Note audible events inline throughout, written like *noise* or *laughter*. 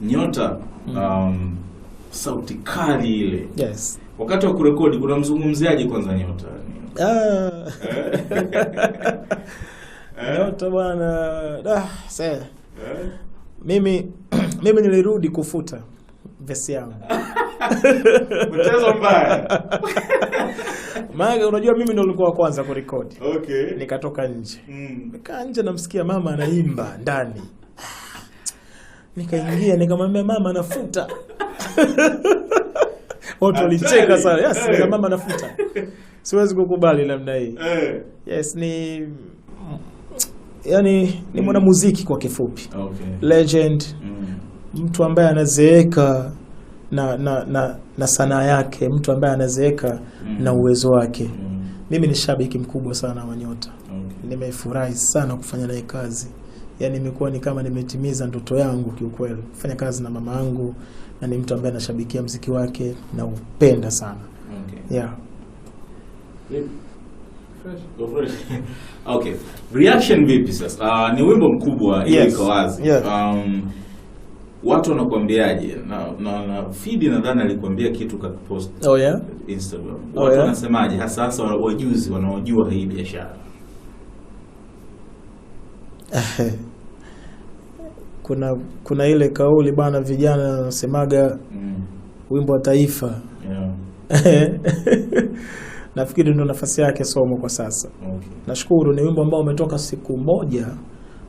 Nyota mm. um, sauti kali ile. Yes. Wakati wa kurekodi kuna mzungumziaji kwanza Nyota. Ah. Eh. *laughs* Nyota bwana, eh. Mimi *clears throat* mimi nilirudi kufuta vesi yangu. *laughs* *laughs* Maana unajua mimi ndo likuwa wa kwanza kurekodi. Okay. Nikatoka nje. Mm. Nikaa nje namsikia mama anaimba ndani. Nikaingia nikamwambia mama, nafuta *laughs* watu walicheka sana. Yes, hey. Eh. mama, nafuta siwezi kukubali namna hii hey. Eh. Yes, ni yani ni mm. mwana muziki kwa kifupi okay. Legend mm. Mtu ambaye anazeeka na, na, na, na sanaa yake, mtu ambaye anazeeka mm. na uwezo wake mm. Mimi ni shabiki mkubwa sana wa Nyota okay. Nimefurahi sana kufanya naye kazi yani imekuwa ni kama nimetimiza ndoto yangu kiukweli, kufanya kazi na mama yangu, na ni mtu ambaye anashabikia mziki wake na upenda sana okay. yeah. *laughs* okay. Reaction vipi sasa? Uh, ni wimbo mkubwa yes. Iko wazi yeah. um, watu wanakuambiaje? na, na, na feed nadhani alikuambia kitu post. oh, yeah? Instagram oh, watu oh, yeah? wanasemaje hasa hasa wajuzi wanaojua hii biashara *laughs* kuna kuna ile kauli bana, vijana wanasemaga mm. wimbo wa taifa yeah. *laughs* Nafikiri ndio nafasi yake somo kwa sasa okay. Nashukuru ni wimbo ambao umetoka siku moja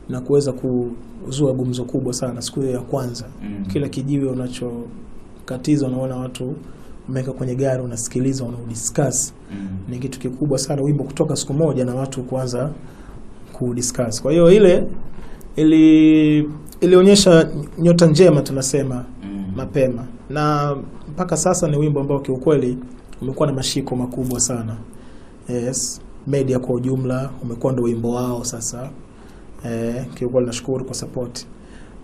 na kuweza kuzua gumzo kubwa sana siku hiyo ya kwanza mm. Kila kijiwe unachokatiza unaona watu umeweka kwenye gari unasikiliza, unaudiscuss mm. Ni kitu kikubwa sana wimbo kutoka siku moja na watu kuanza kudiscuss. Kwa hiyo ile ili ilionyesha nyota njema tunasema mm. mapema na mpaka sasa ni wimbo ambao kiukweli umekuwa na mashiko makubwa sana. Yes, media kwa ujumla umekuwa ndio wimbo wao sasa. Eh, kiukweli nashukuru kwa support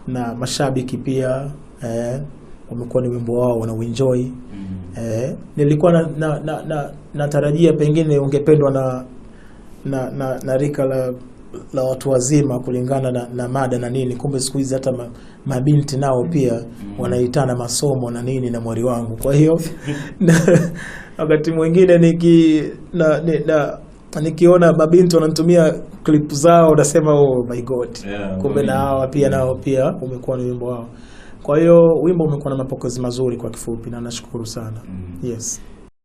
na mashabiki pia eh, umekuwa ni wimbo wao wana enjoy mm -hmm. Eh, nilikuwa na, na, na, na, natarajia pengine ungependwa na na, na, na rika la la watu wazima kulingana na, na mada na nini. Kumbe siku hizi hata ma, mabinti nao pia wanaitana masomo na nini na mwari wangu. Kwa hiyo *laughs* wakati mwingine niki na, ni, na nikiona mabinti wanatumia clip zao nasema oh my god, yeah, kumbe na hawa pia nao pia umekuwa ni wimbo wao. Kwa hiyo wimbo umekuwa na mapokezi mazuri kwa kifupi, na nashukuru sana mm. Yes.